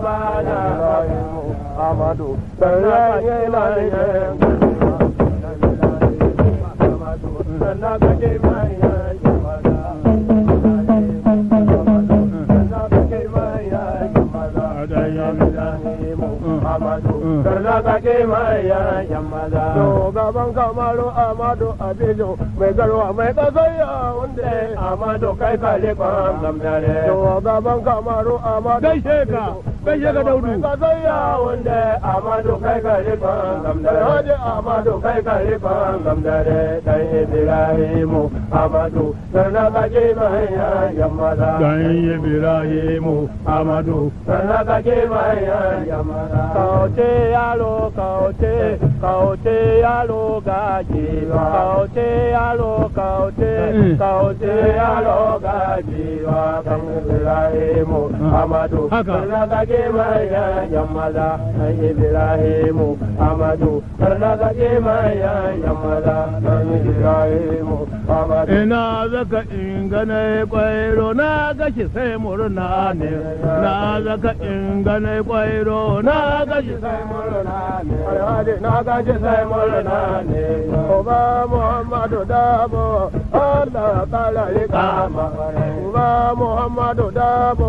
Amadu, sannan ya mai garwa mai kasaya bai ya ga daudu ka zayya amadu kai ka rifan gamdare wanda amadu kai ka rifan gamdare dan ibrahimu amadu sanna ka je mahaya yamala dan ibrahimu amadu sanna ka je mahaya yamala kaute yalo kaute kaute yalo gaji kaute yalo kaute kaute yalo gaji wa kan ibrahimu amadu sanna ka ke maya yammala an ibrahimu amadu barna ka ke maya yammala an ibrahimu amadu ina zaka ingana kwairo na gashi sai murna ne na zaka ingana kwairo na gashi sai murna ne alhaji na gashi sai murna ne oba muhammadu dabo Allah kala kama Uba Muhammadu Dabo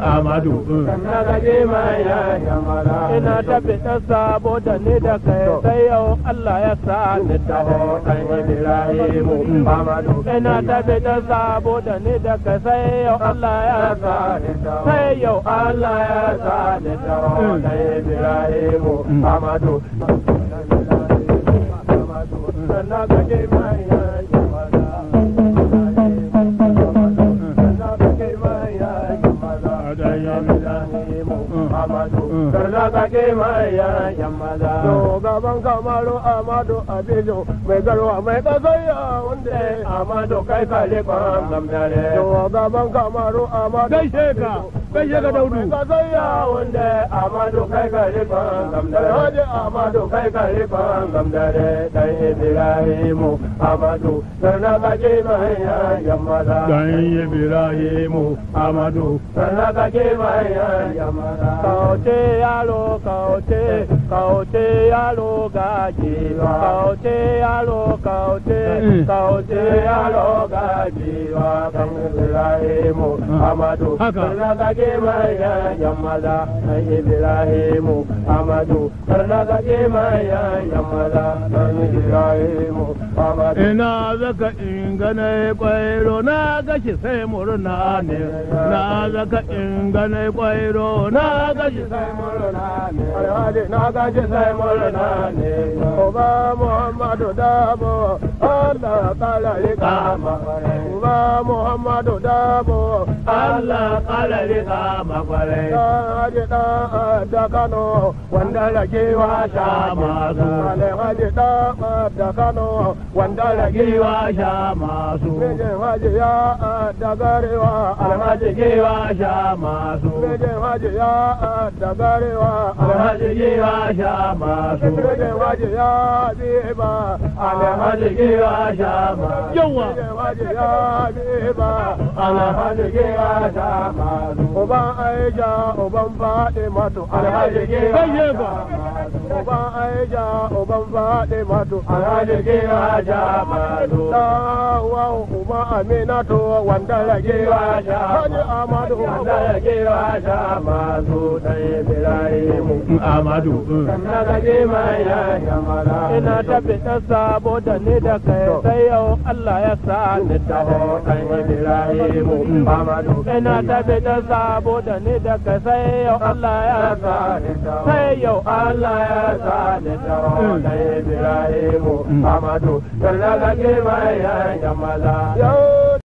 amadu ina ta ma ina ɗan sabo da ni da kai sai yau Allah ya sa ni taho ɗan Ibrahimu amadu ina tafi ɗan sabo da ni da kai sai yau Allah ya sa ni ho sai yau Allah ya sa ni da ɗan Ibrahimu amadu mm. sannan ke mai ya Amadu Karna kake maya yammaza Shugaban Kamaru Amadu Abijo mai garwa mai kasaya wanda Amadu kai kale kwan gamdare Shugaban Kamaru Amadu bai ya ga daudu ka zayya wanda amadu kai gari ban gamdare amadu kai gamdare ibrahimu amadu ka yamada ibrahimu amadu ka yamada yalo yalo gaji yalo yalo gaji wa ibrahimu amadu ka ke maya yammala an ibrahimu amadu barna ka ke maya yammala an ibrahimu amadu ina zaka ingana kwairo na gashi sai murna ne na zaka ingana kwairo na gashi sai murna ne alhaji na gashi sai murna ne oba muhammadu dabo Allah kala kama Uba Muhammadu dabo Allah kala kama kwarai alhaji dan da kano wanda ragewa sha masu da kano wanda ragewa sha masu mijin haji ya da garewa alhaji gewa sha masu mijin haji ya da alhaji gewa sha masu mijin haji ya biba alhaji gewa sha masu yawa mijin ya biba alhaji gewa sha masu uban aija uban faɗi mato alhaji gira uban aija uban faɗi mato alhaji gira jamanu ta wa uban aminatu wanda ya gira jamanu amadu wanda ya gira jamanu da ya birayi mu amadu sannan ka je mai ya jamara ina tafi ɗan sabo da ni da kai sai yau Allah ya sa ni taho kan ya birayi mu amadu ina tafi ɗan sabo sabo da ni da ka sai yau Allah ya sani sai yau Allah ya da Amadu, kan jamala.